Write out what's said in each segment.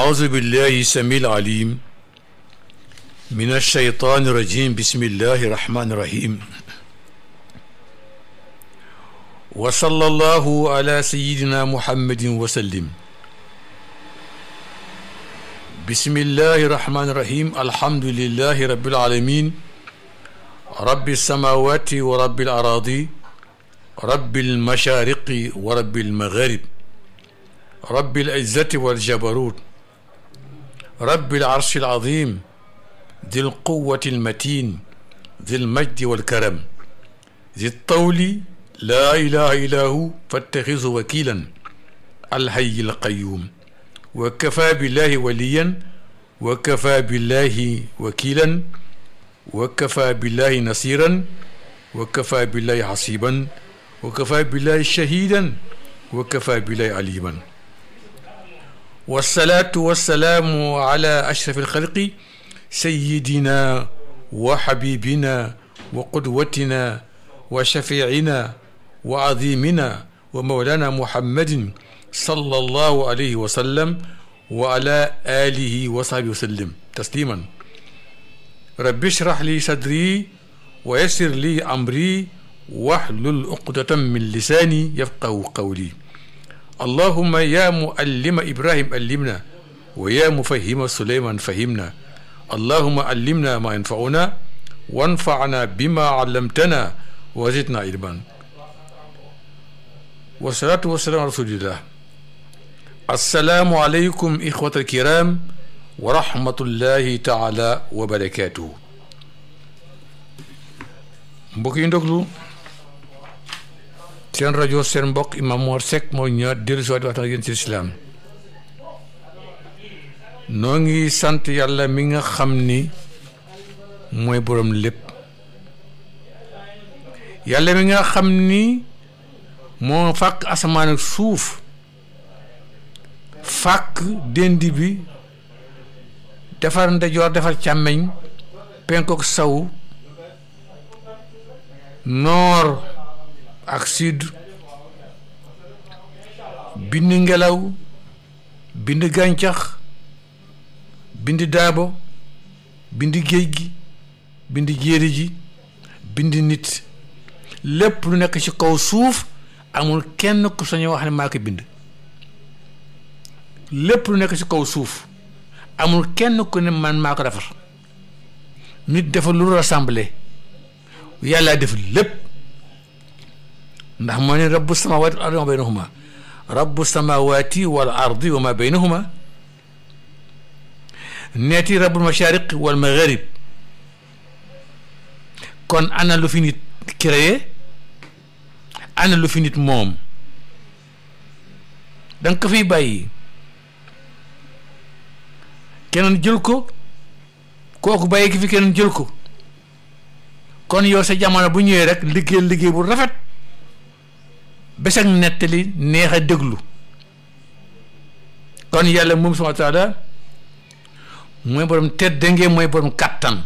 أعوذ بالله السميع العليم من الشيطان الرجيم بسم الله الرحمن الرحيم وصلى الله على سيدنا محمد وسلم بسم الله الرحمن الرحيم الحمد لله رب العالمين رب السماوات ورب الأراضي رب المشارق ورب المغارب رب العزة والجبروت رب العرش العظيم ذي القوة المتين ذي المجد والكرم ذي الطول لا إله إلا هو فاتخذه وكيلا الحي القيوم وكفى بالله وليا وكفى بالله وكيلا وكفى بالله نصيرا وكفى بالله حسيبا وكفى بالله شهيدا وكفى بالله عليما wasalaatu wasalaamu ala ashrafi alxalqi sayidina wa xabibina wa qudwatina wa shafiicina wa azimina wa mawlana muhammadin sallallahu alayhi wa sallam wa ala alihi wa sahbihi wa sallim tasliman rabbi ishrah li sadri wa yassir li amri wahlul uqdatan min lisaani yafqahu qawli allahumma ya muallima ibrahim allimna wa ya mufahima suleyman fahimna allahumma allimna ma yanfauna wanfana bima allamtana wa zidna ilman wasalaatu wasalaam rasulillah assalaamu aleykum ixwat alkiram wa rahmatullahi taala wa barakatuhu mbokk yi ndoglu seen rajo seen mbokk Imam Mor Seck mooy ñëwaat dellu si waat waxtaan ak yéen ci lislaam noo ngi sant yàlla mi nga xam ni mooy boroom lépp yàlla mi nga xam ni moo fàkk asamaan suuf fàkk déndi bi defar ndejoor defar càmmeñ penkook saw noor ak sud bind ngelaw bind gàncax bind daabo bind géej gi bind jéeri ji bind nit lépp lu nekk ci kaw suuf amul kenn ku sañ wax ne maa ko bind lépp lu nekk ci kaw suuf amul kenn ku ne man maa ko defar nit defar lu rassemblé yàlla def lépp ndax moo ne rabbu samawati wal ardi wa ma baynahuma rabbu samawati wal ardi wa ma baynahuma neeti rabbul mashariq wal magharib kon ana lu fi nit créé ana lu fi nit moom da nga ko fiy bàyyi keneen jël ko kooku bàyyi ki fi keneen jël ko kon yow sa jamono bu ñëwee rek liggéey liggéey bu rafet bés ak nettali neex a déglu kon yàlla moom subhaanahu wa taala mooy borom tedd ngee mooy borom kàttan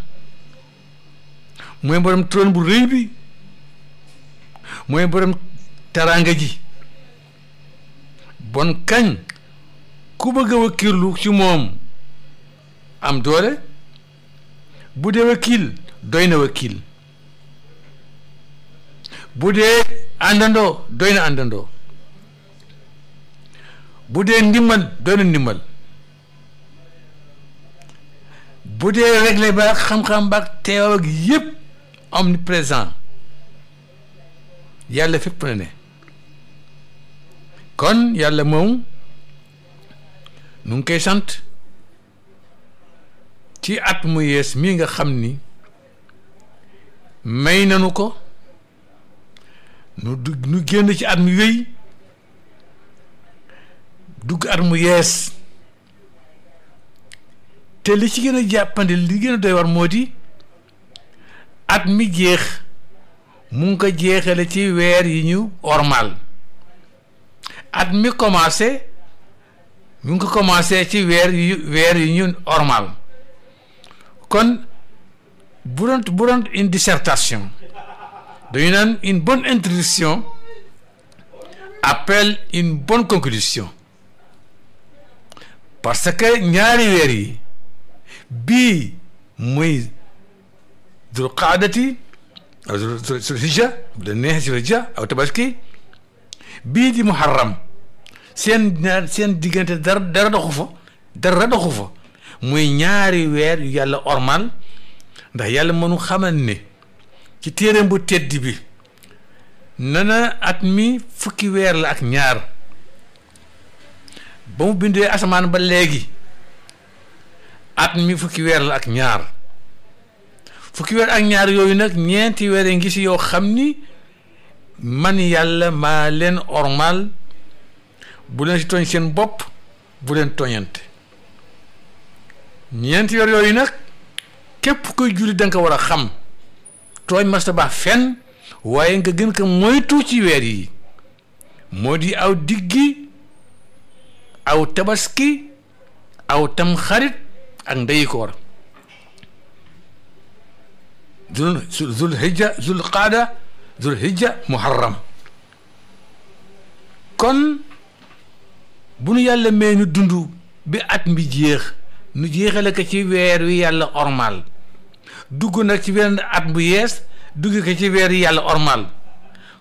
mooy borom trône bu rëy bi mooy borom teraanga ji bon kañ ku bëgg a wakiilu ci moom am doole bu dee wakiil doy na wakiil bu dee àndandoo doy na àndandoo bu dee ndimmal doy na ndimmal bu dee réglé ba xam-xam ba ak teew ak yëpp omniprésent yàlla fépp na ne kon yàlla moom nu ngi koy sant ci at mu yees mii nga xam ni may nanu ko nu du nu génn ci at mu wéy dugg at mu yees te li ci gën a jàppandi li gën a doy war moo di at mi jeex mu ngi ko jeexale ci weer yi ñu ormal at mi commencé mu ngi ko commencé ci weer yu weer yi ñu ormal kon bu doon bu une dissertation dañu naan une bonne introduction appelle une bonne conclusion parce que ñaari weer yi bii muy dul qaadati aw dul hijja bu la neexee aw tabaski bii di muharram seen ñaar seen diggante dara dara doxu fa dara doxu fa muy ñaari weer yu yàlla ormal ndax yàlla mënu xamal ne ci téereem bu tedd bi nana at mi fukki weer la ak ñaar ba mu bindee asamaan ba léegi at mi fukki weer la ak ñaar fukki weer ak ñaar yooyu nag ñeenti weer ngi si yoo xam ni man yàlla maa leen ormal bu leen si tooñ seen bopp bu leen tooñante ñeenti weer yooyu nag képp koy julli da nga war a xam tooñ masta baax waaye nga gën ko moytu ci weer yi moo di aw diggi aw tabaski aw tamxarit ak ndeyi koor zul zul hijja zul hijja muharram kon bu nu yàlla mee nu dund bi at mi jeex nu jeexale ko ci weer wi yàlla ormal dugg nag ci benn at bu yees dugg ko ci weer yàlla ormal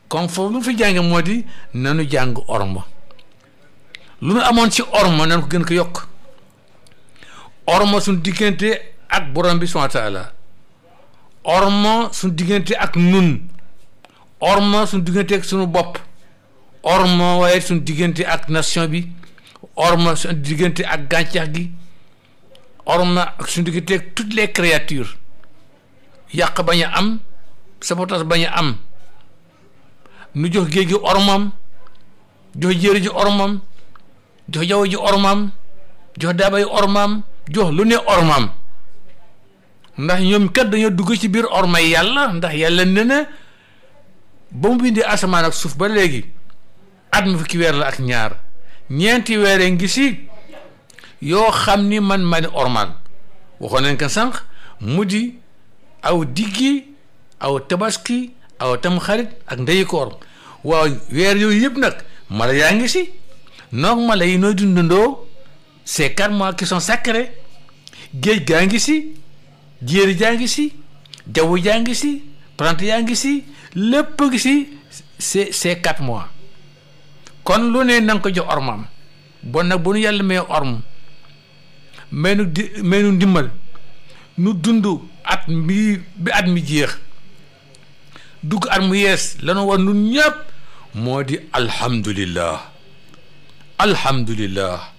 comme foofu lu fi jànge moo di nanu jàng orma lu nu amoon ci orma nanu ko gën ko yokk orma suñ diggante ak borom bi subhaanahu wa taala orma suñ diggante ak nun orma suñ diggante suñu bopp orma waaye suñ diggante ak nation bi orma suñ diggante ak gàncax gi orma ak suñ diggante ak toutes les créature yàq bañ a am sabotage bañ a am nu jox géej gi ormam jox jéeri ji ormam jox jaww ji ormam jox daabay ormam jox lu ne ormam ndax ñoom kat dañoo dugg ci biir ormay yàlla ndax yàlla ne na ba mu bindee asamaan ak suuf ba léegi at ma fukki weer la ak ñaar ñeenti weere ngi si yoo xam ni man ma ni ormal waxoon nañ ko sànq aw diggi aw tabaski aw tamxarit ak ndeyu koor waaw weer yooyu yëpp nag mala yaa ngi si noog mala yi nooy dundandoo ces quatre mois qui sont sacrés géej gaa ngi si jéeri jaa ngi si jaww jaa ngi si plante yaa ngi si lépp ngi si ces ces quatre mois kon loo ne nang ko jox ormam bon nag bu nu yàlla may orm may nu ndimmal nu dund at mi bi at mi jeex dugg at mu yees lanu war nun ñëpp moo di alhamdulillah alhamdulillah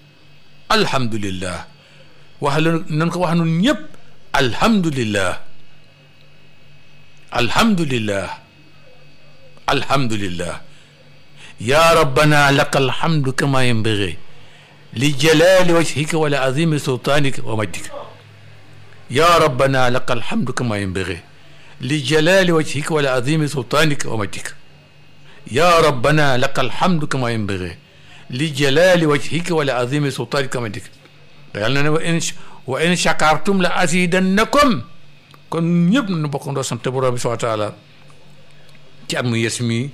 alhamdulillah wax lanu nan ko wax nun ñëpp alhamdulillah alhamdulillah alhamdulillah ya rabbana laka alhamdu kama yanbaghi li jalali wajhika wala azimi sultanika wa majdika yaa rabbana laqal hamdu kama yanbaghi li jalali wajhika wala azimi sultanika wa majdik yaa rabbana laqal hamdu kama yanbaghi li jalali wajhika wala azimi sultanika wa majdik yàlla na ne wa in wa in shakartum la azidannakum kon ñëpp nañu bokkandoo sant borom bi subhanahu wa taala ci at mu yes mi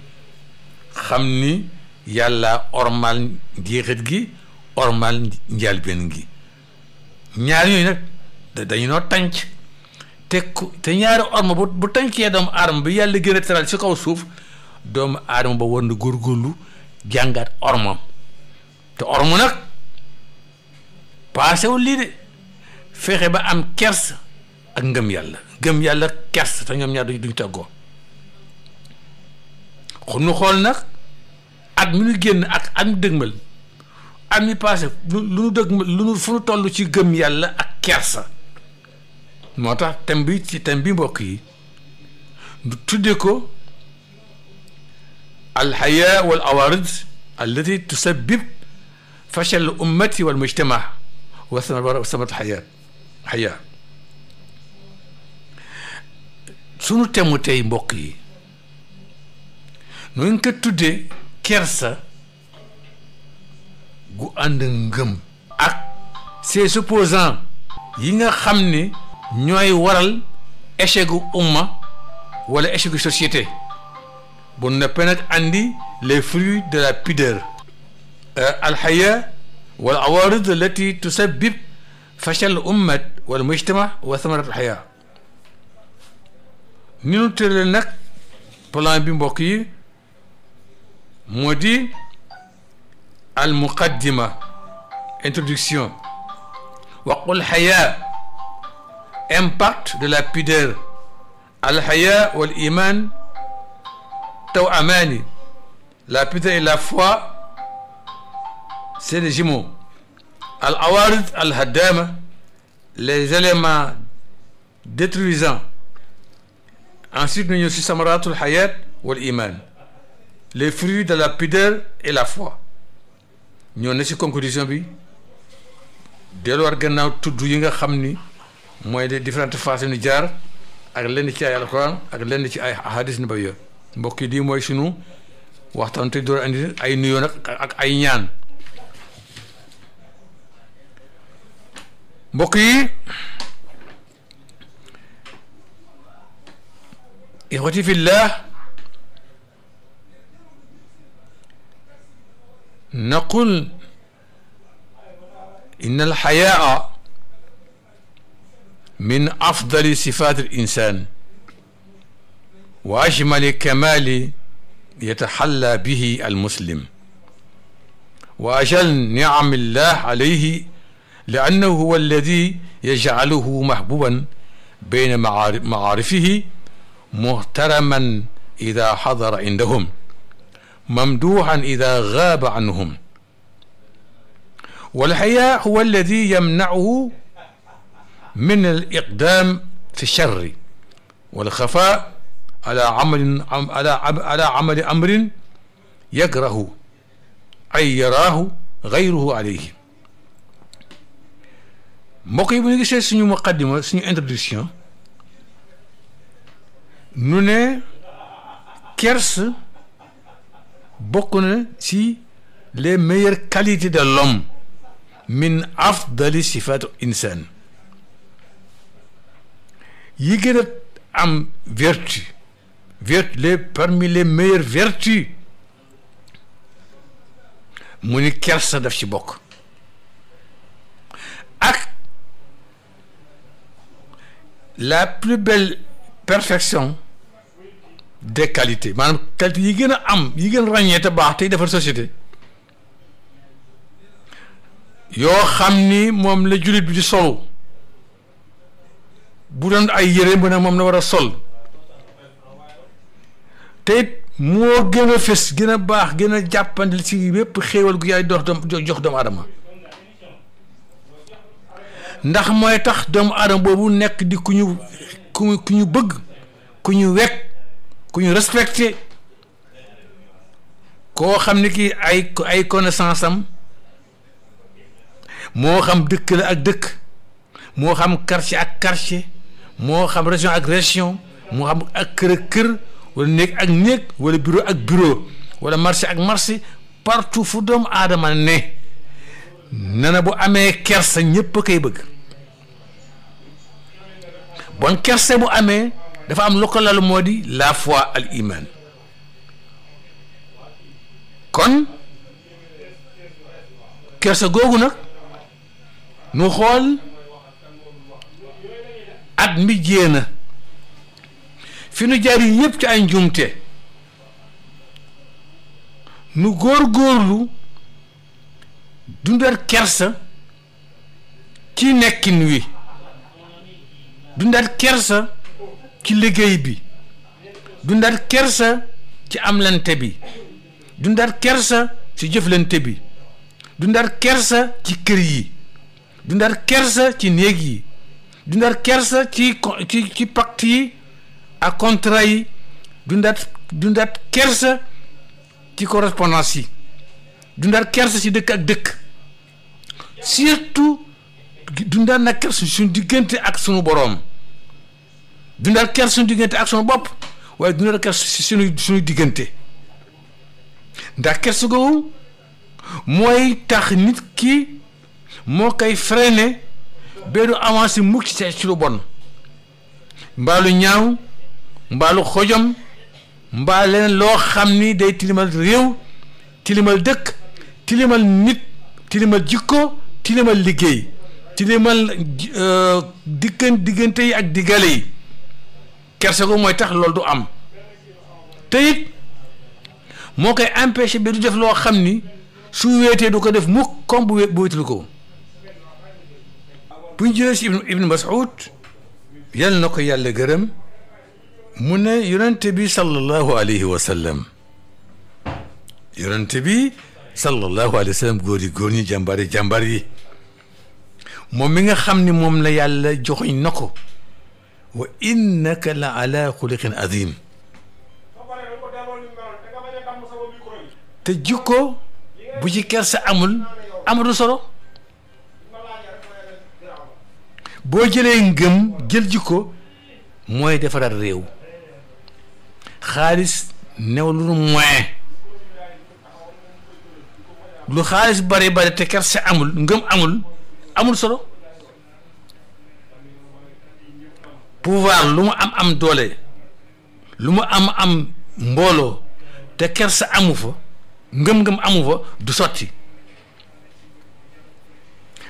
xam ni yàlla ormal njeexit gi ormal njaalbeen gi ñaar yooyu nag dañu noo tànc te ku te ñaari orma bu bu tàncee doomu aadama bi yàlla gën a teral ci kaw suuf doomu aadama ba war na góorgóorlu jàngaat ormam te orma nag paasewul lii de fexe ba am kers ak ngëm yàlla ngëm yàlla kers te ñoom ñaar duñ teggoo xunu xool nag at mi ñu génn ak at mi dëgmal at mi passé lu nu dëgmal lu nu fu nu toll ci gëm yàlla ak kersa moo tax thème bi ci thème mbokk yi du tudde ko alxaya wal awarid allati tusabbib fachal l ummati wal mujtama wa samat xaya xaya sunu temu tey mbokk yi nu ngi ko tuddee kersa gu ànd ngëm ak ses supposants yi nga xam ni ñooy waral échec gu umma wala échec gu société bu neppee nag andi les fruits de la pudeur euh, alxaya wal awarid allati tusabbib fachal ummat wal mujtama wa samarat alxaya ni nu tëral nag plan bi mbokk yi moo di al muqaddima introduction waqul xaya impact de la pudeur al-haya wal iman tawamani la pudeur et la foi c'est des jumeaux al-awarid al-haddama les éléments détruisants ensuite ñu ñëw si samaratul hayat wal iman les fruits de la pudeur et la foi ñoo ne si conclusion bi delluwaat gannaaw tudd yi nga xam ni mooy les différentes phases yu ñu jaar ak lenn ci ay alquran ak lenn ci ay ahadis ni ba yo mbokk yi di mooy sunu waxtaan te door andi ay nuyoo nag ak ay ñaan mbokk yi ixwati fillah naqul inna alxayaa min afdali sifaati al-insaan wa ajmali kamaali yataxallaa bihi al-muslim wa ajal nicami llah alayhi li'annahu huwa alladi yajcaluhu mahbuban bayna macaarifihi muhtaraman ida xadara indahum ممدوحا إذا غاب عنهم والحياء هو الذي يمنعه min al iqdaam fi charri wal xafa ala amalin ala amali amrin yakrahu ay yaraahu gayruhu alayhi mbokk yi bu ñu gisee suñu muqaddima suñu introduction nu ne kers bokk na ci les meilleures qualités de l'homme min afdali sifatu insan yi gën a am vertu vertu le parmi les meilleures vertus mu ni kersa def ci bokk ak la plus belle perfection des qualités maanaam qualité yi gën a am yi gën a ràññee te baax tey defar société yoo xam ni moom la julit bi di solu bu doon ay yére mu ne moom na war a sol te it moo gën a fës gën a baax gën a jàppandil si wépp xéewal gu yaay dox doom jox doomu adama ndax mooy tax doomu aadama boobu nekk di ku ñu ku ñu bëgg ku ñu wekk ku ñu respecté koo xam ne kii ay ay connaissance am moo xam dëkk la ak dëkk moo xam quartier ak quartier moo xam région ak région moo xam ak kër ak kër wala néeg ak néeg wala bureau ak bureau wala marché ak marché partout fu doomu aadama ne nee bu amee kersa ñépp a bëgg bon kersa bu amee dafa am lu ko lal moo di la fois al kon kersa googu nag nu xool at mi jéena fi nu jaar yi yëpp ci ay njumte nu góor góorlu dundaat kersa ci nekkin wi dundaat kersa ci liggéey bi dundaat kersa ci amlante bi dundaat kersa ci jëflante bi dundaat kersa ci kër yi dundaat kersa ci néeg yi dundaat kersa ci ci ci pacte yi ak contra yi dundaat dundaat kersa ci correspondance yi dundaat kersa ci dëkk ak dëkk surtout dundaat nag kersa suñu diggante ak suñu boroom dundaat kersa suñu diggante ak suñu bopp waaye dundaat kersa si suñu diggante ndax kersa googu mooy tax nit ki moo koy freiné bee du avancé mukk ci lu bon mbaalu ñaaw mbaalu xojom mbaa loo xam ni day tilimal réew tilimal dëkk tilimal nit tilimal jikko tilimal liggéey tilimal euh, dikkan diggante yi ak diggale yi kerse ko mooy tax loolu du am te moo koy empêché bi du def loo xam ni su wéetee du ko def mukk comme bu wéet ko bu ñu jëlee si ibn ibn Mas'ud yal na ko yàlla gërëm mu ne yonent bi sallallahu alayhi wa sallam yonent bi sallallahu alayhi wa sallam góor yi góor ñi jàmbaar yi jàmbaar yi moom mi nga xam ni moom la yàlla joxuñ na ko wa innaka la ala xuliqin azim te jikko bu ci kersa amul amul solo boo jëlee ngëm jël jikko mooy defaral réew xaalis new lu moyen lu xaalis bari bari te kerse amul ngëm amul amul solo pouvoir lu mu am am doole lu mu am am mbooloo te kersa amu fa ngëm-ngëm amu fa du sotti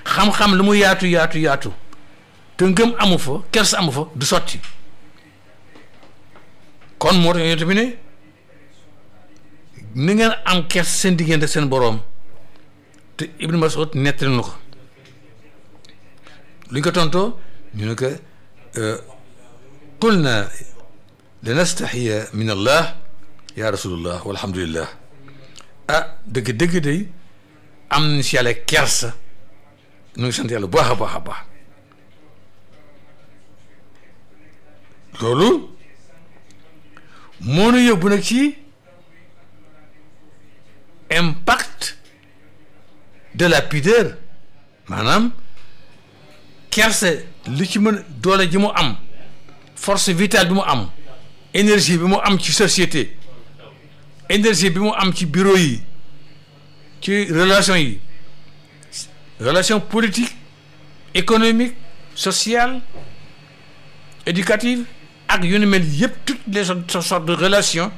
xam-xam lu mu yaatu yaatu yaatu te ngëm amu fo kers amu fa du sotti kon moo tax yonent bi ne ni ngeen am kers seen diggante seen boroom te Ibn Mas'ud nettali ko luñ ko tontoo ñu ne ko euh, qulna lanastaxiya min allah ya rasulullah walhamdulillah ah dëgg dëgg day am nañ si yàlla kersa ñu ngi sant yàlla baax a a baax loolu moo nu yóbbu nag ci impact de la pudeur maanaam kerse li ci mën doole ji mu am force vitale bi mu am énergie bi mu am ci société énergie bi mu am ci bureau yi ci relation yi relation politique économique sociale éducative ak yu ni mel yëpp toutes les sortes de relations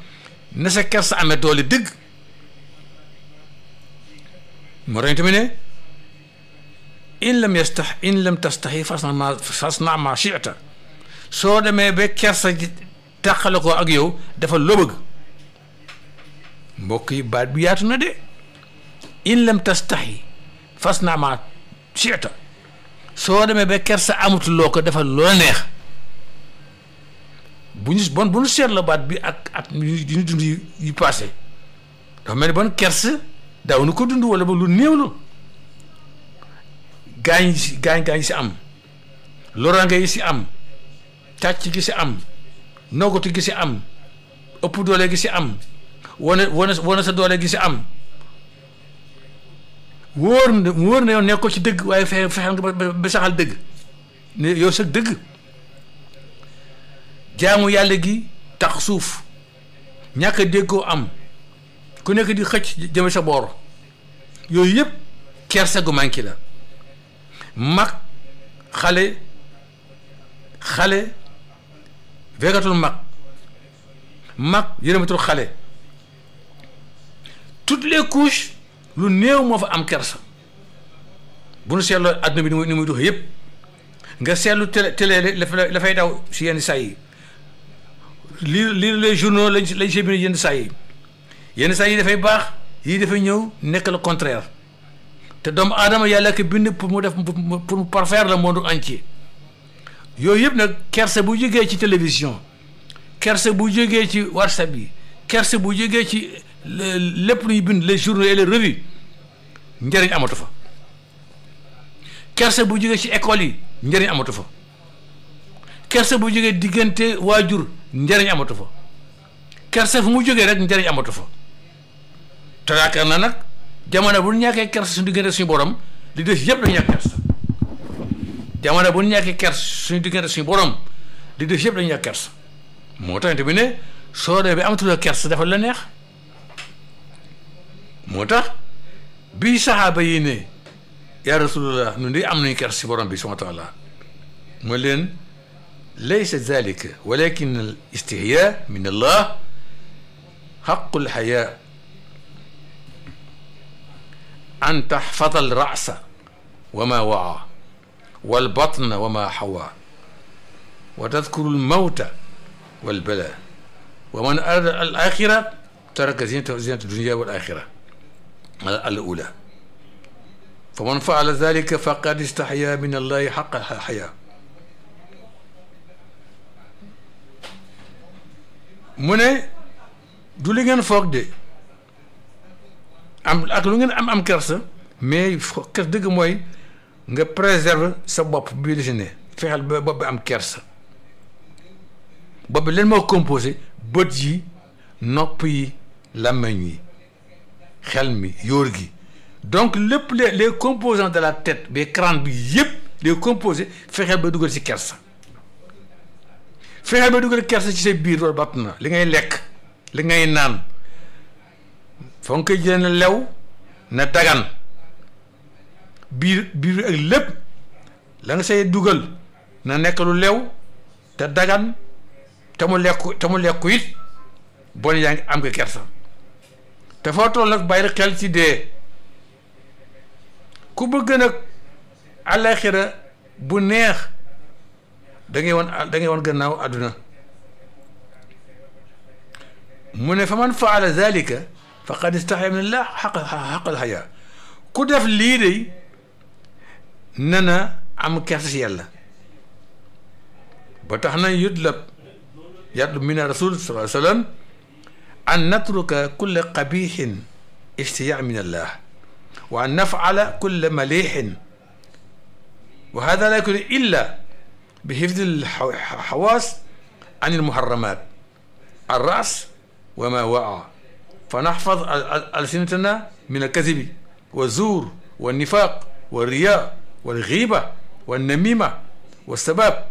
na sa kersa amee doole dëgg moo tax in lam yastax in lam tastaxi fasna ma fasna ma chita soo demee ba kersa ji tàqale ko ak yow dafa loo mbokk yi baat bi yaatu na de in lam tastaxi soo demee ba kersa amut loo ko dafa loola neex bu ñu bon bu seet la baat bi ak at yu ñu dund yi passé dafa mel ni bon kers daaw nu ko dund wala ba lu néew lu gaañ yi si gaañ si am loraange yi si am tàcc gi si am noggatu gi si am ëpp doole gi si am wane wane wane sa doole gi si am wóor na wóor nekkoo ci dëgg waaye fexe fexeel nga ba saxal dëgg ne yow sa dëgg jaamu yàlla gi tax suuf ñàkk a déggoo am ku nekk di xëcc jëme sa boor yooyu yëpp kersa gu manqué la mag xale xale wegatul mag mag yërëmatul xale toutes les couche lu néew moo fa am kersa bu nu seetloo àdduna bi ni muy ni muy doxee yëpp nga seetlu télé télé la fay daw si yenn saa yi lire lii les journaux lañ lañ see bind yenn saa yi yenn saa yi dafay baax yii dafay ñëw nekk le contraire te doomu aadama yàlla ko bind pour mu def pour mu la moo monde entier yooyu yëpp nag kerse bu jógee ci télévision kerse bu jegee ci whatsapp yi kerse bu jegee ci lépp lu bind les journaux et les revues njëriñ amatu fa kerse bu jógee ci école yi njëriñ amatu fa kersa bu jógee diggante waajur njariñ amatu fa kersa fu mu jógee rek njariñ amatu fa te yaakaar na nag jamono bu ñu ñàkkee kersa suñu diggante suñu borom li des yëpp dañu ñàkk kersa bu ñu ñàkkee suñu diggante suñu borom li des yëpp dañu ñàkk kersa moo tax bi ne soo dee bi amatuloo kersa dafa la neex moo tax bi saxaaba yi ne yaa rasulullah nu di am nañu kersa si borom bi subhanahu wa taala mooy leen ليس ذلك ولكن الاستحياء من الله حق الحياء أن تحفظ الرأس وما وعى والبطن وما حوى وتذكر الموت والبلاء ومن أراد الآخرة ترك زينة زينة الدنيا والآخرة الأولى فمن فعل ذلك فقد استحيا من الله حق الحياة mu ne du li ngeen foog de am ak lu ngeen am am kersa mais kers dëgg mooy nga préserve sa bopp bii di si ne fexeel ba bopp am kers bopp leen moo composé bët yi nopp yi làmmiñ yi xel mi yoor gi donc lépp les les composant de la tête bi crâne bi yëpp les composé fexeel ba dugal si kers fexe ba dugal kersa ci sa biir loolu bàtt na li ngay lekk li ngay naan foo nga koy jëlee na lew na dagan biir biir ak lépp la nga say dugal na nekk lu lew te dagan te mu lekku te mu lekku it bon yaa ngi am nga kersa te foo toll nag bàyyi xel ci dee ku bëgg nag àllaaxira bu neex da ngay woon da ngay woon gannaaw àdduna mu ne fa man faala zalika faqad istaxya min allah xaq xaqal xayaa ku def lii day na na am kersa si yàlla ba tax na yutlab yatlub min rasul sallallahu alayhi wa sallam an natruka kulla qabixin istiyaa min allah wa an nafala kulla malixin wa hada la yakunu illa بحفظ الحواس عن المحرمات الرأس وما وقع فنحفظ ألسنتنا من الكذب والزور والنفاق والرياء والغيبة والنميمة والسباب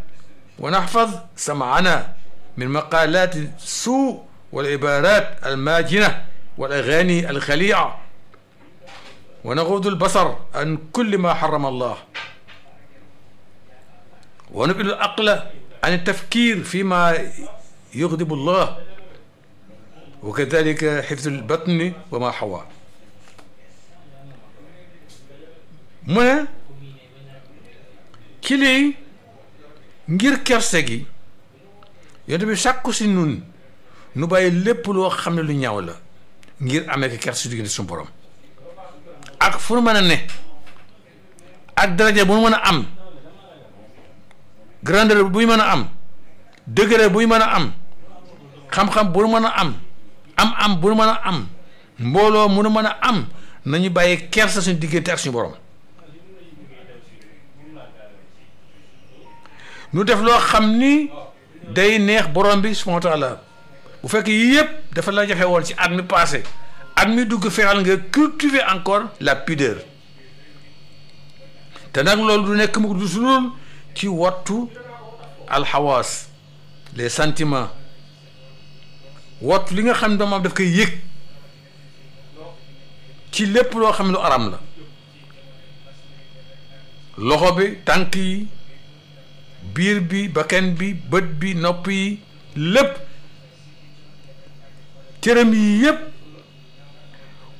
ونحفظ سمعنا من مقالات السوء والعبارات الماجنة والأغاني الخليعة ونغض البصر عن كل ما حرم الله wa nubilu aqla an tafkir fi ma yugdibu llah wa kadalika xifdul batni wa ma xawa mu ne ci ngir kerse gi yonent bi sàkku si nun nu bàyyi lépp loo xam ne lu ñaaw la ngir amee ko kerse diggante suñu ak fu nu mën a ne ak daraja bu mën a am grandeur buy mën a am degré buy mën a am xam-xam bu mën a am am-am bu mën a am mbooloo munu mën a am nañu bàyyi kersa suñu diggante ak suñu borom nu def loo xam ni day neex borom bi subhanahu wa taala bu fekk yii yëpp dafa la jafe woon ci ak mi passé ak mi dugg feexal nga cultiver encore la pudeur te nag loolu du nekk mu du su ci wattu alxawaas les santiment wattu li nga xam ne doomu am daf koy yëg ci lépp loo xam ne lu aram la loxo bi tànk yi biir bi bakkan bi bët bi nopp yi lépp cëram yi yépp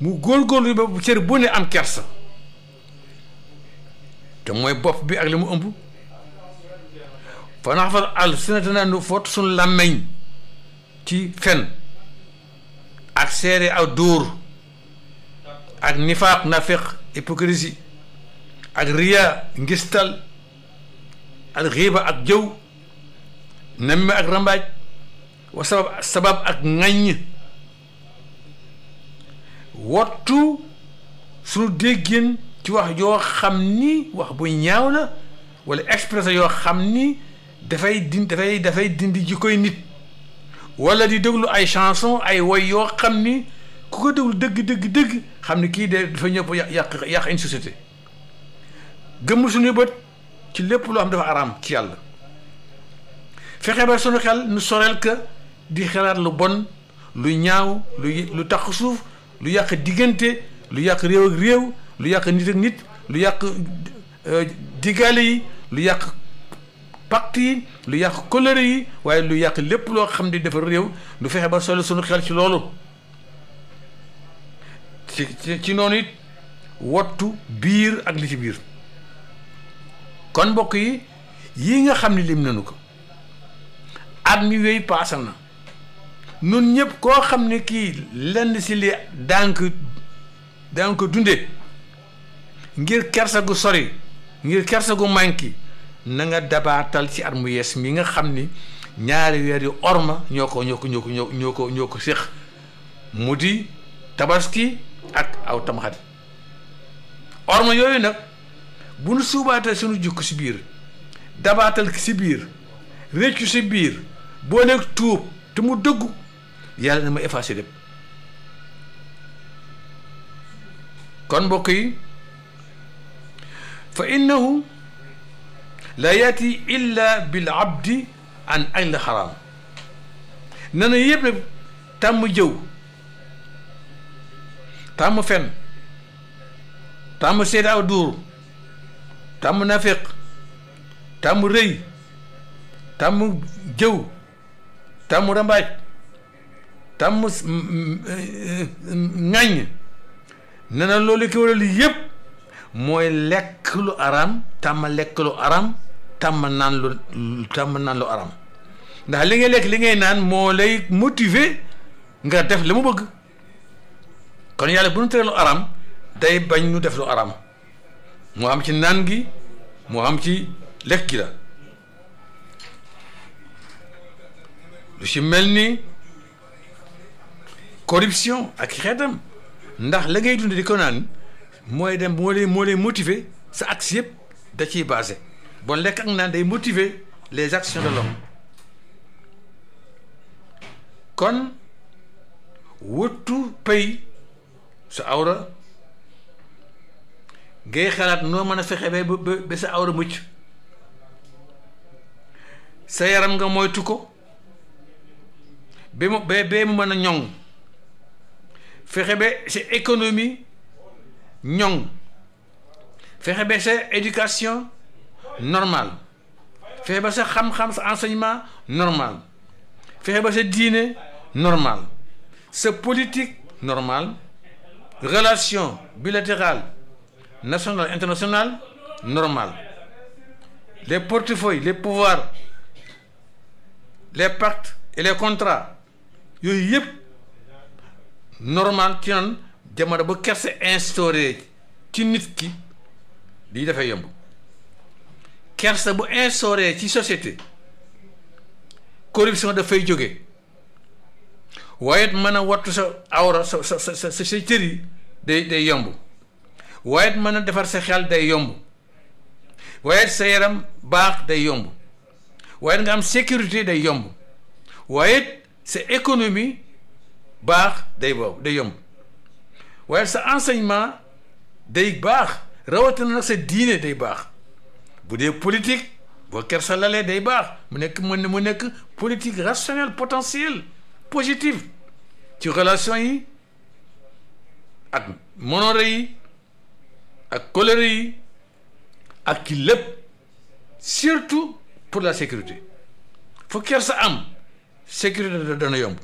mu góorgóorlu ba cër bu ne am kersa te mooy bopp bi ak li mu ëmb fa naxfas alsinatana nu foot suñ làmmeñ ci fen ak seere ak dóor ak nifaaq nafiq hypocrisie ak riya ngistal ak xiiba ak jëw namme ak rambaaj wa sabab sabab ak ŋàññ wattu suñu déggéen ci wax yoo xam ni wax bu ñaaw la wala express yoo xam ni dafay din dafay dafay dindi ji koy nit wala di déglu ay chanson ay woy yoo xam ni ku ko déglu dëgg dëgg dëgg xam ni kii de dafa ñëpp yàq yàq une société gëmmul suñu bët ci lépp loo xam dafa araam ci yàlla fexe ba suñu xel nu soreel ka di xelaat lu bon lu ñaaw lu lu tax suuf lu yàq diggante lu yàq réew ak réew lu yàq nit ak nit lu yàq euh, diggaale yi lu yàq pacte yi lu yàq colère yi waaye lu yàq lépp loo xam ne defar réew lu fexe ba solo suñu xel ci loolu ci noon it wottu biir ak li ci biir kon mbokk yi yi nga xam ni lim nañu ko at mi wéy paasal na nun ñëpp koo xam ne kii lenn ci li daan ko dunde ngir kersa gu sori ngir kerse gu manki nanga dabaatal ci at mu yees mi nga xam ni ñaari weer yu orma ñoo ko ñoo ko ñoo ko ñoo ko ñoo mu di tabaski ak aw tamxarit orma yooyu nag bu nu suubaatal suñu jukk ci biir dabaatal ki ci biir réccu ci biir boo nekk tuub te mu dëggu yàlla na ma effacé lépp kon mbokk yi fa innahu la yaati illa bil abdi an ayn la xaraam nee na yëpp la tàmm jëw tàmm fen tàmm seede aw duur tàmm nafiq tàmm rëy tàmm jëw tàmm rambaaj tàmm ŋàññ nee na loolu ki waral yëpp mooy lekk lu araam tàmm lekk lu araam tàmm naan lu tàmm naan lu araam ndax li ngay lekk li ngay naan moo lay motiver nga def li mu bëgg kon yàlla bu ñu teree lu araam day bañ ñu def lu araam moo xam ci naan gi moo xam ci lekk gi la lu ci mel ni corruption ak xeetam ndax la ngay dund di ko naan mooy dem moo lay moo lay motiver sa axe yëpp da ci basé bon lekk ak naan day motiver les actions de l'homme kon wëttu pay sa awra ngay xalaat noo mën a fexe ba ba sa awra mucc sa yaram nga moytu ko ba mu ba mu mën a ñoŋ fexe ba sa économie ñoŋ fexe ba sa éducation normale fexe ba xamxam xam sa enseignement normal fexe ba sa diine normal sa politique normale relation bilatérale national internationale normale les portefeuilles les pouvoirs les pactes et les contrat yooyu yëpp normal ci jamono ba kersa instauré ci nit ki lii dafay yomb kersa bu instauré ci société corruption dafay jóge waaye mën a wattu sa awra sa sa sa sa cër yi day day yomb waaye mën a defar sa xel day yomb waaye sa yaram baax day yomb waaye it nga am sécurité day yomb waaye it sa économie baax day boobu day yomb waaye sa enseignement day baax rawatina nag sa diine day baax bu dee politique boo ker sa lalee day baax mu nekk mën mu nekk politique rationnelle potentielle positive ci relation yi ak monore yi ak colère yi ak ki lépp surtout pour la sécurité fu ker sa am sécurité dana yomb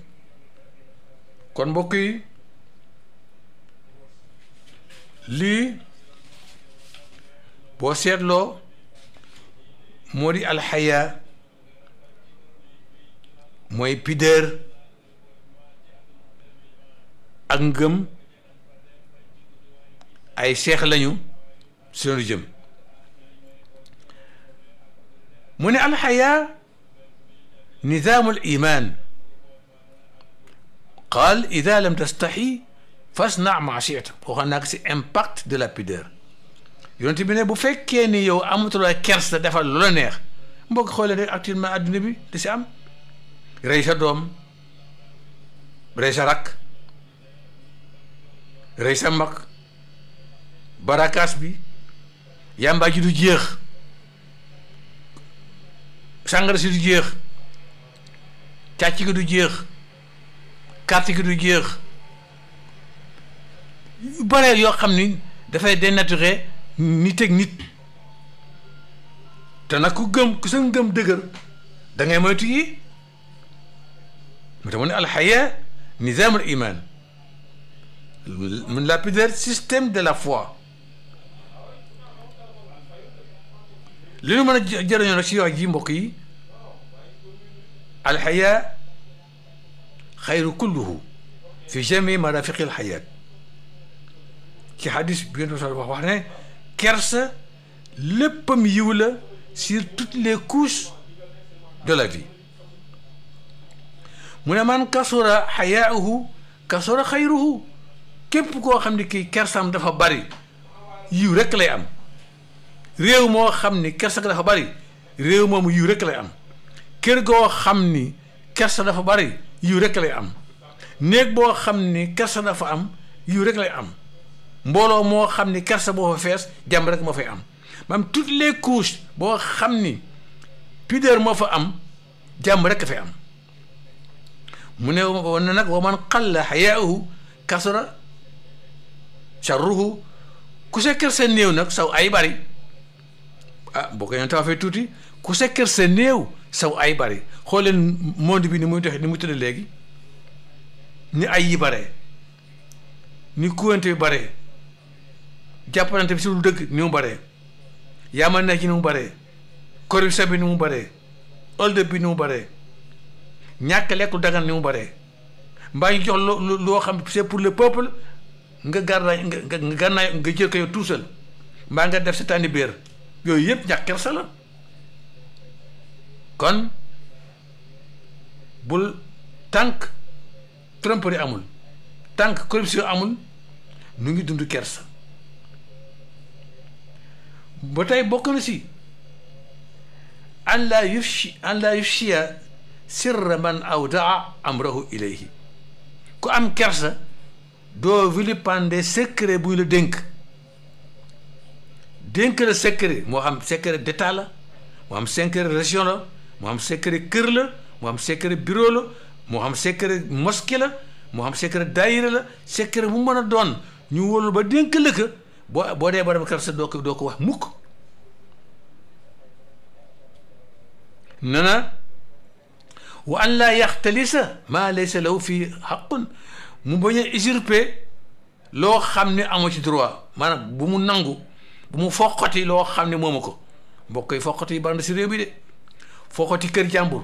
kon mbokk yi lii boo seetloo moo di alxaya mooy pideur ak ngëm ay seex lañu seenu jëm mu ne alxaya nizaamul iman qaal ida lam tastaxi fasna ma shi'ta waxoon naa ko si impact de la pudeur yonent bi ne bu fekkee ni yow amatuloo la defal lu la neex mboo xoolee rek actuellement adduna bi di si am rey sa doom rey sa rakk rey sa mag barakaas bi yàmbaa du jeex sàngara si du jeex càcc gi du jeex carte gi du jeex yu bare yoo xam ni dafay de nit ak nit te nag ku gëm ku sa ngëm dëgër da ngay moytu yi mu tax mu ne alxaya nizamul iman mun la pudeur système de la foi li mën a jëriñoo nag mbokk yi alxaya xayru kulluhu fi jami marafiqi alxayaat ci hadis bi yonent bi wax wax ne kersa léppam yiw la sur toutes les couches de la vie mu ne man kasura xayaahu kasura xayruhu képp koo xam ne kii kersam dafa bari yiw rek lay am réew moo xam ni kersa dafa bari réew moom yiw rekk lay am kër goo xam ni kersa dafa bari yiw rekk lay am néeg boo xam ni kersa dafa am yiw rek lay am mbooloo moo xam ni kersa boo fa fees jàmm rek moo fay am maam toutes les couches boo xam ni pudeur moo fa am jàmm rek a fay am mu ne woon na nag wa man qalla xayaauhu kasra charruhu ku sa kersa néew nag saw ay bari ah boo tuuti ku sa kersa néew saw ay bari xool leen bi ni muy doxee ni muy tëdd léegi ni ay yi bare ni kuwante bi bare jàppalante bi si lu dëgg ni mu bëree yaama nekk ni mu bëree corruption bi ni mu bëree olde bi ni mu bëree ñàkk lekk lu dagan ni mu bare mbaa ñu jox loo xam c'est pour le peuple nga gànnaay nga nga gànnaay nga jël ko yow tout mbaa nga def si tànni biir yooyu yëpp ñàkk kersa la kon bul tànk tromperie amul tànk corruption amul nu ngi dund kers ba tey bokk na si an laa yufshi an laa yufshiya sirra man awdaa amrahu ilayhi ku am kersa doo vilipande secret bu ñu la dénk dénk la secret moo xam secret d'état la moo xam secret région la moo xam secret kër la moo xam secret bureau la moo xam secret mosquée la moo xam secret daayira la secret bu mën a doon ñu wóolu ba dénk la ko boo boo dee borom kersa doo ko doo ko wax mukk ne na wa an laa yaxtalisa maa laysa lahu fii xaqun mu bañ a usurper loo xam ne amu ci droit maanaam bu mu nangu bu mu foqati loo xam ne moomu ko mbokk yi foqati si réew bi de foqati kër jàmbur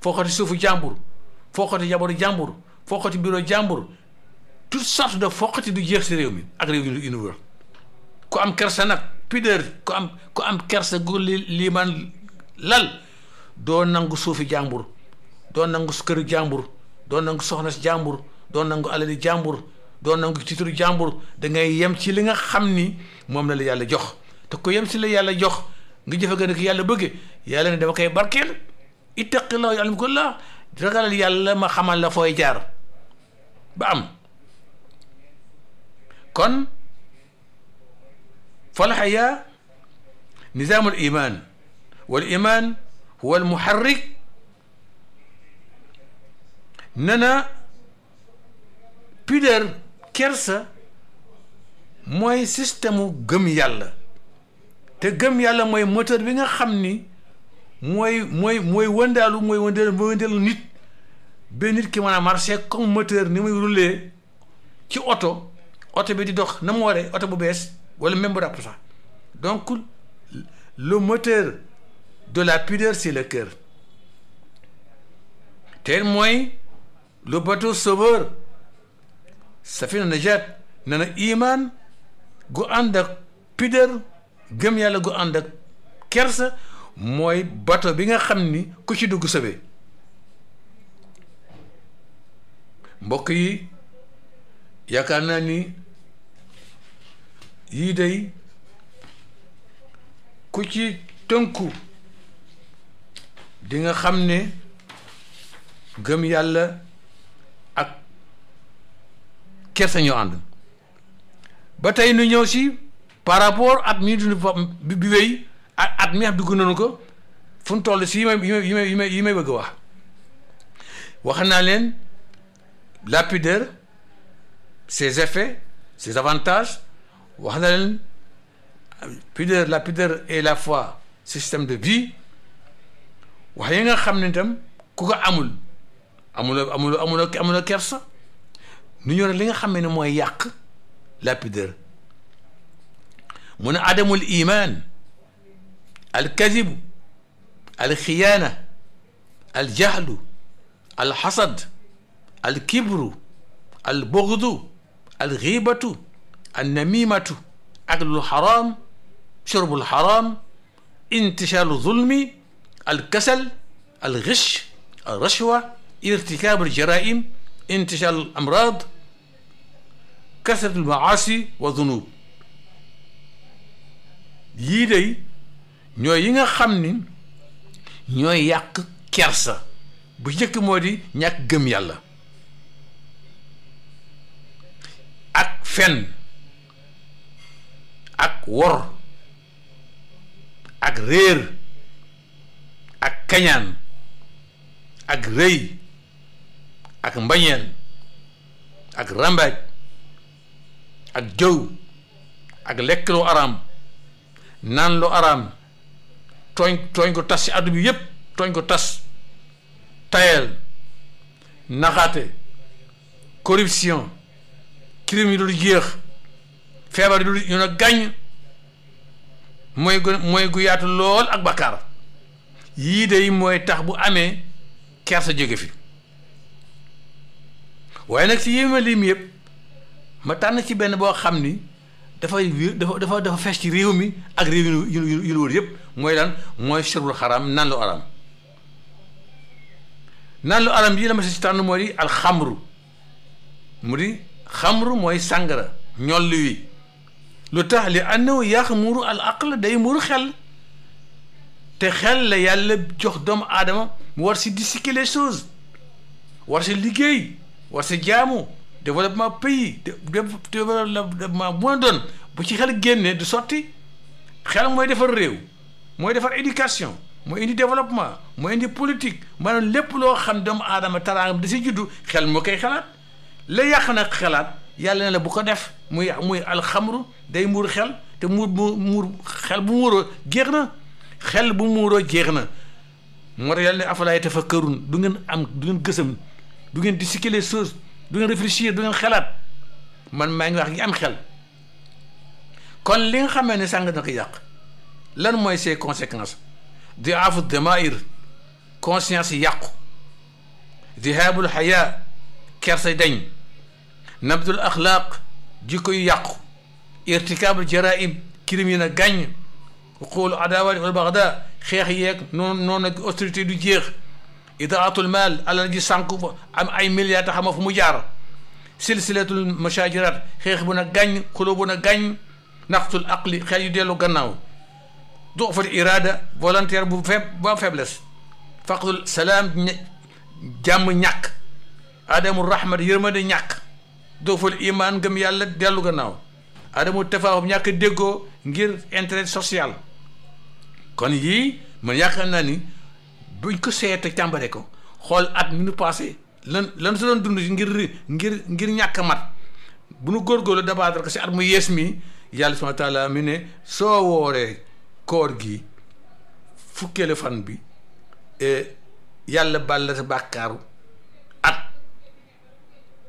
foqati suufu jàmbur foqati jabaru jàmbur foqati bureau jàmbur toutes sortes de foqati du jeex si réew mi ak réew ku am kersa nag pudeur ku am ku am kersa gu li liimaan lal doo nangu suufi jàmbur doo nangu këru jàmbur doo nangu soxna si jàmbur doo nangu alali jàmbur doo nangu tituru jàmbur da ngay yem ci li nga xam ni moom la la yàlla jox te ko yem si la yàlla jox ngi jëfe ko yàlla bëgge yàlla ne dama koy barkeel ittaqillah ya'lamkallah ragalal yàlla ma xamal la fooy jaar ba am kon فالحياة نظام الإيمان والإيمان هو المحرك nena pudeur kersa mooy système mu gëm yàlla te gëm yàlla mooy moteur bi nga xam ni mooy mooy mooy wëndaalu mooy wëndeel wëndeelu nit ba nit ki mën a marché comme ni muy rouler ci oto oto bi di dox na mu waree oto bu bees wala même bu sax donc le moteur de la pudeur c'est le cœur te mooy le bateau sauveur safina najat ne na iman gu ànd ak pudeur gëm yàlla gu ànd ak kersa mooy bateau bi nga xam ni ku ci dugg sauvé mbokk yi yaakaar naa ni yii day ku ci tënku di nga xam ne gëm yàlla ak kersa ñoo ànd ba tey nu ñëw si par rapport at mi dund bi wéy ak at mi xam dugg nañu ko fu mu toll si yi may yi may yi may bëgg a wax wax naa leen la pudeur ses effets ses wax na leen pudeur la pudeur et la foi système de vie wax yi nga xam ne itam ku ko amul amuloo amuloo amuloo amuloo kersa nu ñoo li nga xam ne mooy yàq la pudeur mu ne adamul iman al kazibu al xiyaana al jahlu al xasad al kibru al bugdu al xiibatu annamimatu aklul haram shorbul haram intishalu zulmi alkasal alghish alrashwa irtikabul jaraim intishalu amrad kasratul maasi wa zunub yii day ñooy yi nga xam ni ñooy yàq kersa bu njëkk moo di ñàkk gëm yàlla ak fen ak wor ak réer ak kañaan ak rëy ak mbañeel ak rambaaj ak jëw ak lekk lu araam naan lu araam tooñ tooñ ko tas ci àdduna bi yépp tooñ ko tas tayeel naxaate corruption crime yi jeex feebar yu ne gàññ mooy gu mooy gu yaatu lool ak bakkaar yii de mooy tax bu amee kersa jóge fi waaye nag si yéeme lim yëpp ma tànn ci benn boo xam ni dafay dafa dafa dafa fees ci réew mi ak réew yu yu yu wër yëpp mooy lan mooy serbul xaram naan lu aram naan lu aram yi la ma si tànn moo di alxamru mu di xamru mooy sàngara ñoll wi lu tax li annahu yaxmuru al aql day muru xel te xel la yàlla jox doomu aadama mu war si disséquer les choses war si liggéey war si jaamu développement pays développement bu na doon bu ci xel génnee du sotti xel mooy defar réew mooy defar éducation mooy indi développement mooy indi politique maanaam lépp loo xam doomu aadama taraangam da si juddu xel moo koy xalaat la yàq nag xalaat yàlla ne la bu ko def muy muy alxamru day muur xel te muur mu muur xel bu muuroo jeex na xel bu muuroo jeex na moo tax yàlla ne afalaay tafakkarun du ngeen am du ngeen gësam du ngeen discuter les choses du ngeen réfléchir du ngeen xelaat man maa ngi wax ngi am xel kon li nga xamee ne sàng na ko yàq lan mooy ses conséquences di afu damair conscience yàqu dihabul haya kersa dañ nabdul axlaaq jikko yu yàqu irtikaabul jaraim crime yi na gàññ uquul adawaati wal baxda xeex yeeg noonu noonu ak autorité du jeex idaatul mal alal ji sànku am ay milliards te xama fu mu jaar silsilatul mashajiraat xeex bu na gàññ xuloo bu na gàññ naqtul aqli xel yu dellu gannaaw duufal irada volontaire bu faible bu am faiblesse faqdul salaam jàmm ñàkk adamu rahmat yërmande ñàkk dooful imaan gëm yàlla dellu gannaaw adamu tafaaxum ñàkk déggoo ngir intérêt social kon yii man yaakaar naa ni buñ ko seete càmbare ko xool at mi nu passé lan lan su doon dund ngir ngir ngir ñàkk mat bu nu góorgóorlu dabaatal ko si at mu yees mi yàlla subhaana taala mi ne soo wooree koor gi fukkeelu fan bi eh, yàlla bàll sa bàkkaaru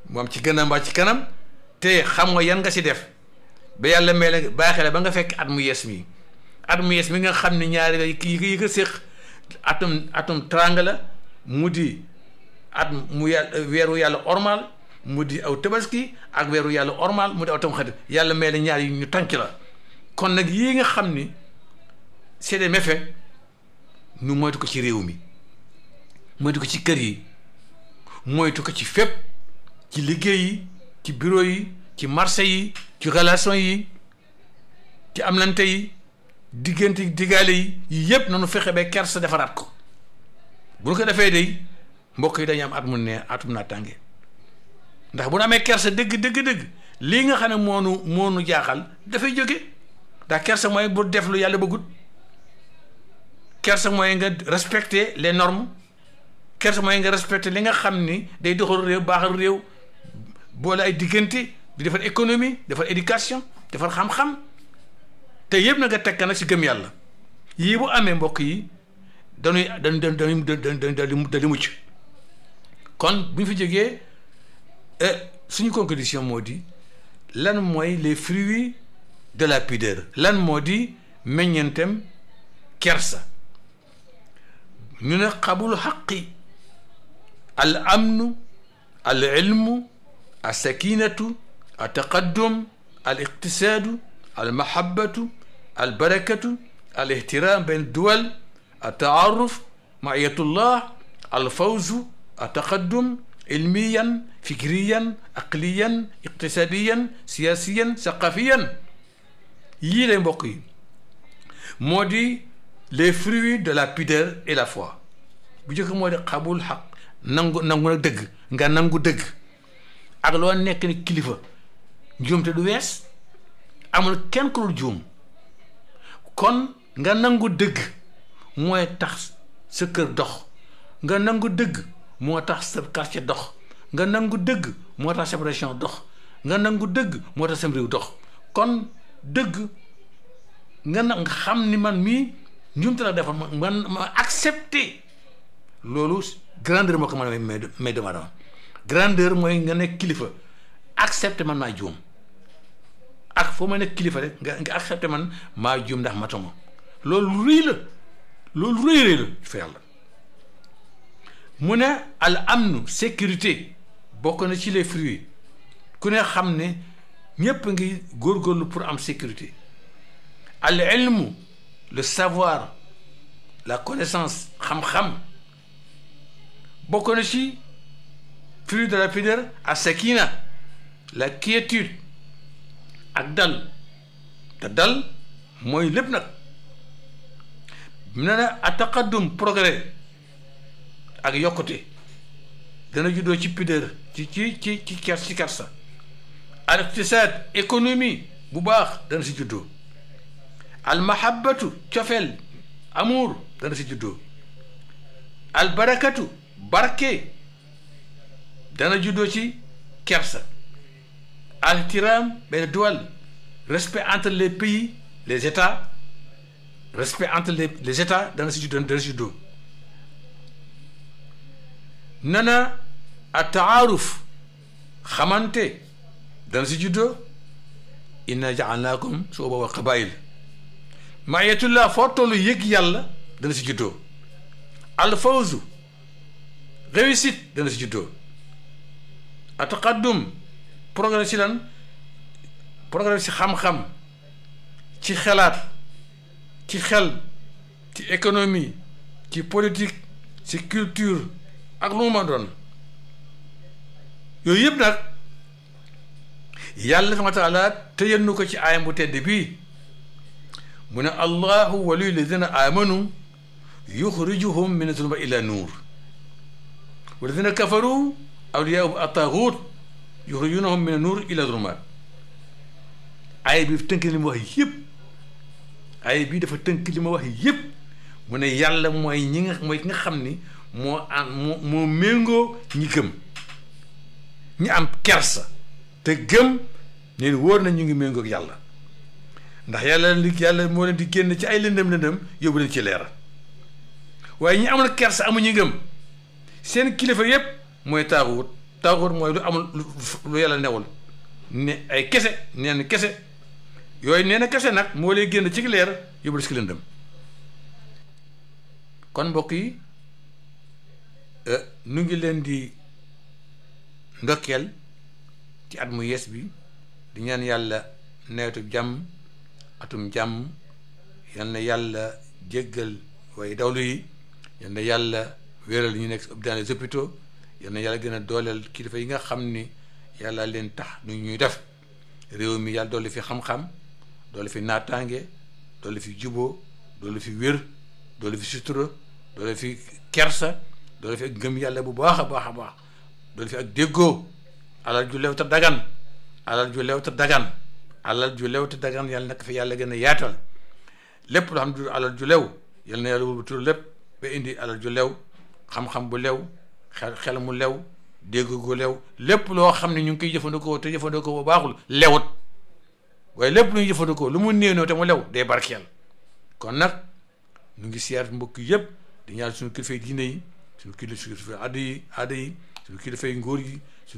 moom ci gën a ci kanam te xam nga yan nga si def ba yàlla may la baaxee la ba nga fekk at mu yees mi at mu yees mi nga xam ne ñaari la kii yi ko séq atum atum tràng la mu di at mu yàlla weeru yàlla ormal mu di aw tabaski ak weeru yàlla ormal mu di aw tamxarit yàlla may la ñaar yu ñu tànc la kon nag yii nga xam ni c'est des méfaits nu moytu ko ci réew mi moytu ko ci kër yi moytu ko ci fépp ci liggéey yi ci bureau yi ci marché yi ci relation yi ci amlante yi diggante diggaale yi yii na nu fexe ba kersa defaraat ko bu ñu ko defee day mbokk yi dañu am at mu ne atum naa tànge ndax bu nu amee kersa dëgg dëgg dëgg lii nga xam ne moonu moonu jaaxal dafay jóge ndax kersa mooy bu def lu yàlla bëggut kersa mooy nga respecter les normes kersa mooy nga respecter li nga xam ni day doxal réew baaxal réew boole ay diggante di defar économie defar éducation defar xam-xam te yëpp na nga teg nag si gëm yàlla yii bu amee mbokk yi dañuy dañuy dañuy dañuy dañuy mucc kon bu ñu fi jógee eh, suñu conclusion moo di lan mooy les fruits de la pudeur lan moo di meññeentem kersa ñu ne xabul xaqi al amnu al ilmu alsakinatu altaqaddum aliqtisaadu almahabatu albarakatu alihtiram bayn duwal altaaruf maiyatullah alfawzu altaqaddum ilmiyan fikriyan aqliyan iqtisaadiyan siyaasiyan saqafiyan yii lay mbokk yi moo di les fruits de la pudeur et la foi bu njëkk moo di xabul xaq nangu nangu nag dëgg nga nangu dëgg ak loo nekk ni kilifa njuumte du wees amul kenn ku juum kon nga nangu dëgg mooy tax sa kër dox nga nangu dëgg moo tax sa quartier dox nga nangu dëgg moo tax sa dox nga nangu dëgg moo tax sam réew dox kon dëgg nga na xam ni man mii njuumte la defoon man ma accepté loolu grandeur moo ko mën a may may grandeur mooy nga nekk kilifa accepté man maa juum ak foo ma ne kilifa rek nga nga man maa juum ndax matuma loolu rëy la loolu rëy rëy la fa yàlla mu ne al nu sécurité bokk na ci les fruits ku ne xam ne ñépp ngi góorgóorlu pour am sécurité al ilmu le savoir la connaissance xam-xam bokk ci plus de la pudeur à la quiétude ak dal te dal mooy lépp nag ne na a taqaddum progrès ak yokkute dana juddoo ci pudeur ci ci ci ci ker ci économie bu baax dana si juddoo al mahabbatu cofeel amour dana si juddoo al barakatu barke dana juddoo ci kersa alhtiraam benn duwal respect entre les pays les états respect entre les les états dana si juddoo dana si nana a taaruf xamante dana si juddoo inna jaalnaakum suuba wa qabail maayatullah foo tollu yëg yàlla dana si juddoo alfawzu réussite dana si juddoo ataqaddum progrès si lan progrès si xam-xam ci xalaat ci xel ci économie ci politique ci culture ak lu mu ma doon yooyu yëpp nag yàlla subhaanahu wa taala tëjal ko ci aayam bu tedd bi mu ne allahu waliyu ladina amanu yuxrijuhum min zulma ila nuur walladina kafaru awliyaa'u at-taaxuut yuxrijunahum mina nuur ila zulumaat aaya bi tënk li ma wax yëpp aaya bii dafa tënk li ma wax yëpp mu ne yàlla mooy ñi nga mooy ki nga xam ni moo am moo méngoo ñi gëm ñi am kersa te gëm neen wóor na ñu ngi méngook yàlla ndax yàlla li yàlla moo leen di génn ci ay lëndëm lëndëm yóbbu leen ci leera waaye ñi amul kersa amuñu gëm seen kilifa yëpp mooy taaxuut taaxuut mooy lu amul lu yàlla newul ne ay kese nen kese yooyu nee na kese nag moo lay génn ci leer yóbbu ci lëndëm kon mbokk yi euh, nu ngi leen di ndokkeel ci at mu yees bi di ñaan yàlla nawetu jàmm atum jàmm yal na yàlla jéggal waaye dawlu yi yal na yàlla wéeral ñu nekk hôpital les yal na yàlla gën a dooleel kilifa yi nga xam ni yàlla leen tax nu ñuy def réew mi yàlla dolli fi xam-xam dolli fi naataange dolli fi juboo dolli fi wér dolli fi sutura dolli fi kersa dolli fi ak ngëm yàlla bu baax a baax a baax dolli fi ak déggoo alal ju lew te dagan alal ju lew te dagan alal ju lew te dagan yàlla nag fi yàlla gën a yaatal lépp loo xam ne alal ju lew yal na yàlla wul bu tur lépp ba indi alal ju lew xam-xam bu lew xel mu lew dégg gu lew lépp loo xam ne ñu ngi koy jëfandikoo te jëfandikoo bu baaxul lewut waaye lépp lu ñu jëfandikoo lu mu néenoo te mu lew day barkeel kon nag ñu ngi siyaar mbokk yëpp di ñaan suñu kilifay diine yi suñu kilifay aada yi aada yi suñu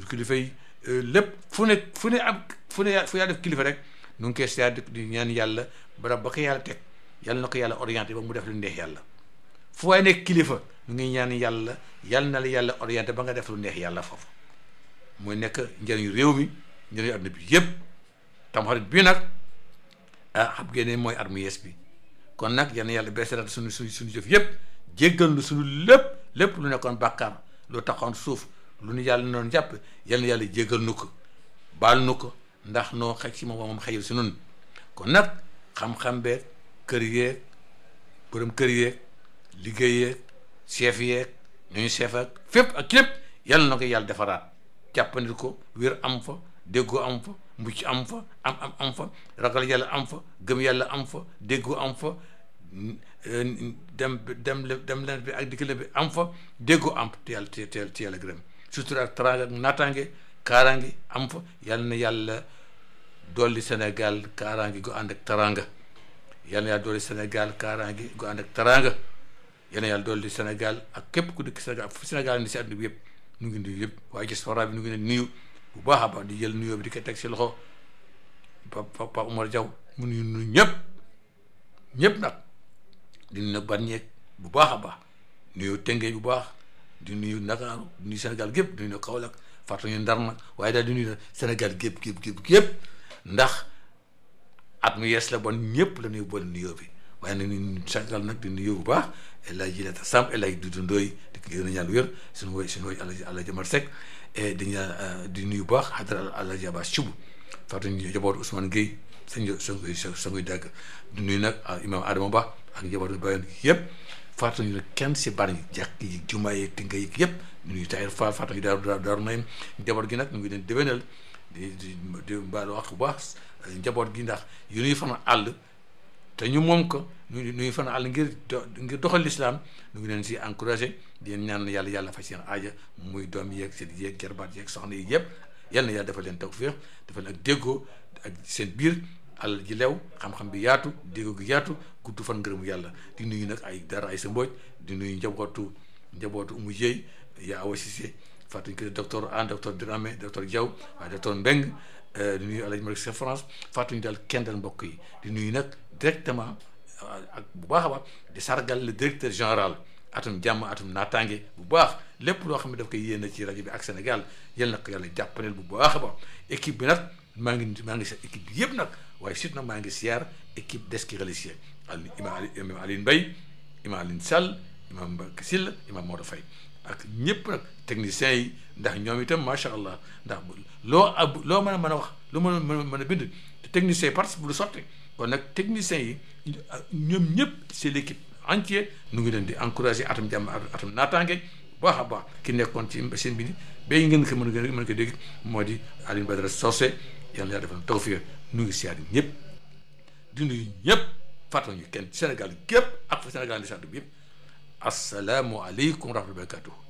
kilifay yi euh, lépp fu ne fu ne ab fu ne fu yàlla def kilifa rek nu ngi koy siyaar di ñaan yàlla barab ba ko yàlla teg yàlla na ko yàlla orienté ba mu def lañu neex yàlla fu waay nekk kilifa ñu ngi ñaan yàlla yàlla na yàlla orienté ba nga def lu neex yàlla foofu mooy nekk njëriñu réew mi njëriñu àdduna bi yëpp tamxarit bii nag ah xam ngeen mooy at mu yees bi kon nag yal na yàlla beesalaat suñu suñu suñu jëf yëpp jéggal lu suñu lépp lépp lu nekkoon bàkkaam lu taxoon suuf lu nu yàlla noonu jàpp yal na yàlla jéggal nu ko baal nu ko ndax noo xaj si moom moom xëyul si kon nag xam-xam beeg kër yeeg borom kër yeeg. liggéey yeeg chef nu ñu chef ak fépp ak lépp yal na ko yàlla defaraat jàppandi ko wér am fa déggoo am fa mucc am fa am am gëm yàlla am fa déggoo am fa dem dem dem leen bi ak dikkale bi am fa déggoo am te yàlla te te ak naataange kaaraange am fa yal na yàlla dolli Sénégal kaaraange gu ànd ak teraanga yal na yàlla dolli Sénégal kaaraange yéen yàlla dool di senegal ak képp ku dëkk Sénégal fu Sénégal ni si àdduna bi yëpp nu ngi nuyu yëpp waaye diaspora bi nu ngi ne nuyu bu baax a baax di jël nuyoo di ko teg si loxo Papa Papa Omar Diaw mu nuyu nuyu ñëpp ñëpp nag di nuyu nag Bargny bu baax a baax nuyu Tëngéej bu baax di nu Ndakaaru di nuyu Sénégal gépp di nuyu Kaolack fàttali ñu Ndar nag waaye daal di nuyu Sénégal gépp gépp gépp gépp ndax at mu yees la bon ñëpp la nuyu boole nuyoo bi maa ngi leen di santal nag di nuyu bu baax El Hadj Lata Samb El Hadj Doudou Ndoye di ko gën a ñaan wér suñu woy suñu woy El Hadj Amar e di ñaan e di nuyu bu baax xadara El Hadj Abbas Thioub fàttali ñu jabootu Ousmane Gueye sëñ sanguy sanguy dàgg di nuyu nag ah, imam Adama Ba ak jabootu Bayon yëpp fàttali ñu kenn si bari jàkk yi jumaa yi tinga yi yëpp di nuyu Tahir Fall fàttali ñu daaru daaru jaboot gi nag ñu ngi leen déwénal di di wax bu baax eh, njaboot gi ndax yu nuy fan àll te ñu moom ko ñu nuy fan àll ngir ngir doxal lislaam ñu ngi leen si encouragé di leen ñaan yàlla yàlla faj seen aaja muy doom yeeg seen yeeg jarbaat yeeg soxna yi yëpp yàlla na yàlla dafa leen tawfiix dafa leen ak déggoo ak seen biir alal ji lew xam-xam bi yaatu déggoo gi yaatu gudd fan ngërëmu yàlla di nuyu nag ay dara ay sa mbooj di nuyu njabootu njabootu umu yëy yaa awa Cissé fàttuñ ko docteur an docteur Dramé docteur Diaw waaye docteur Mbeng euh, di nuyu Alaaji Malick sa France fàttuñu daal mbokk yi directement euh, ak bu baax a baax di sargal le directeur général atum jàmm atum naataange bu baax lépp loo xam ne daf koy yéene ci rajo bi ak Sénégal yal na ko yàlla jàppaneel bu baax a baax équipe bi nag maa ngi maa ngi sa équipe yëpp nag waaye surtout nag maa ngi siyaar équipe deski religieux ali imam Alioune Mbaye imam Alioune Sall imam Mbacke Sylla imam Maodo Faye ak ñëpp nag techniciens yi ndax ñoom itam macha allah ndax loo ab loo mën a mën a wax lu mën a mën a bind te techniciens yi participe bu lu sotti kon nag techniciens yi ñoom ñëpp c'est l'équipe entier nu ngi leen di encourager atum jàmm atum naataange baax a baax ki nekkoon ci seen bi bay ngeen ko mën a mën ko dégg moo di Alioune Badara Socé yàlla na defal tawfiq nu ngi siyaar ñëpp di nuyu ñëpp fàttali ñu kenn Sénégal gépp ak fa Sénégal di sant bi yëpp asalaamualeykum wa rahmatulah.